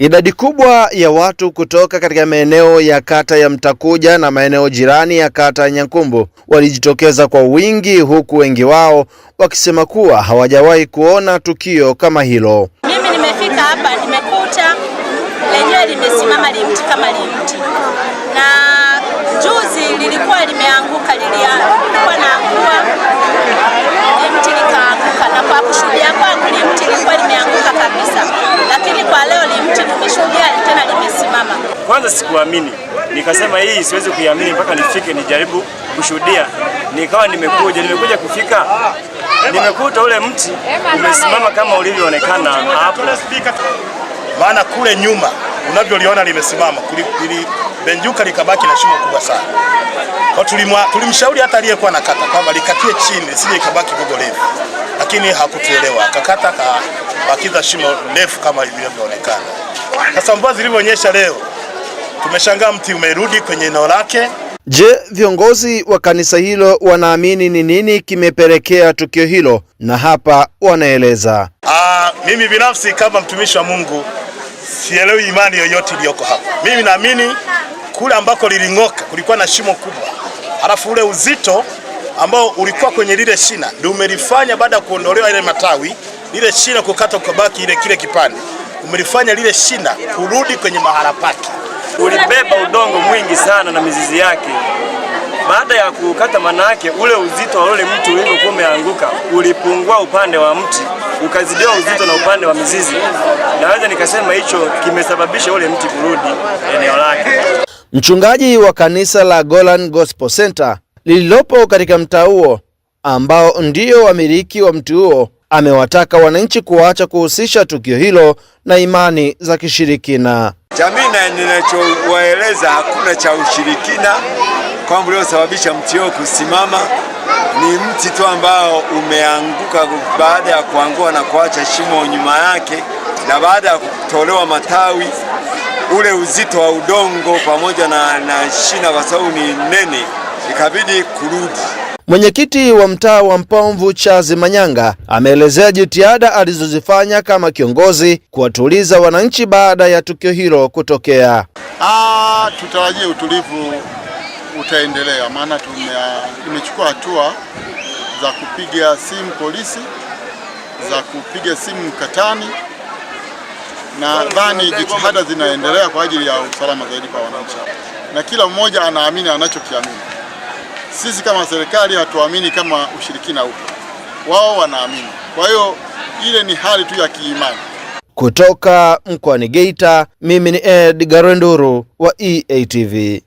Idadi kubwa ya watu kutoka katika maeneo ya kata ya Mtakuja na maeneo jirani ya kata ya Nyankumbu walijitokeza kwa wingi, huku wengi wao wakisema kuwa hawajawahi kuona tukio kama hilo. Mimi nimefika hapa, nimekuta lenyewe limesimama kwanza sikuamini, nikasema hii siwezi kuiamini mpaka nifike nijaribu kushuhudia. Nikawa nimekuja nimekuja kufika, nimekuta ule mti umesimama kama ulivyoonekana hapo, maana kule nyuma unavyoliona limesimama benjuka likabaki na shimo kubwa sana. Kwa tulimwa, tulimshauri hata aliyekuwa nakata kwamba likatie chini sije ikabaki gogo refu, lakini hakutuelewa akakata, akabakiza shimo refu kama ilivyoonekana. Sasa mvua zilivyoonyesha leo Tumeshangaa mti umerudi kwenye eneo lake. Je, viongozi wa kanisa hilo wanaamini ni nini kimepelekea tukio hilo? Na hapa wanaeleza. Aa, ah, mimi binafsi kama mtumishi wa Mungu sielewi imani yoyote iliyoko hapa. Mimi naamini kule ambako liling'oka kulikuwa na shimo kubwa, halafu ule uzito ambao ulikuwa kwenye lile shina ndio umelifanya baada ya kuondolewa ile matawi, lile shina kukata, ukabaki ile kile kipande, umelifanya lile shina kurudi kwenye mahala pake ulibeba udongo mwingi sana na mizizi yake. Baada ya kukata, manake ule uzito wa ule mti ulivyokuwa umeanguka ulipungua upande wa mti ukazidiwa uzito na upande wa mizizi. Naweza nikasema hicho kimesababisha ule mti kurudi eneo lake. Mchungaji wa kanisa la Golan Gospel Center lililopo katika mtaa huo ambao ndio wamiliki wa mti huo amewataka wananchi kuacha kuhusisha tukio hilo na imani za kishirikina. Cha mimi ninachowaeleza hakuna cha ushirikina kwamba uliosababisha mti huo kusimama ni mti tu ambao umeanguka baada ya kuangua na kuacha shimo nyuma yake, na baada ya kutolewa matawi, ule uzito wa udongo pamoja na, na shina kwa sababu ni nene, ikabidi kurudi Mwenyekiti wa mtaa wa Mpomvu Charles Manyanga ameelezea jitihada alizozifanya kama kiongozi kuwatuliza wananchi baada ya tukio hilo kutokea. Ah, tutarajie utulivu utaendelea, maana tumechukua hatua za kupiga simu polisi, za kupiga simu Mkatani. dhani jitihada zinaendelea kwa ajili ya usalama zaidi kwa wananchi, na kila mmoja anaamini anachokiamini. Sisi kama serikali hatuamini kama ushirikina upo, wao wanaamini. Kwa hiyo ile ni hali tu ya kiimani. Kutoka mkoani Geita, mimi ni Ed garwenduru wa EATV.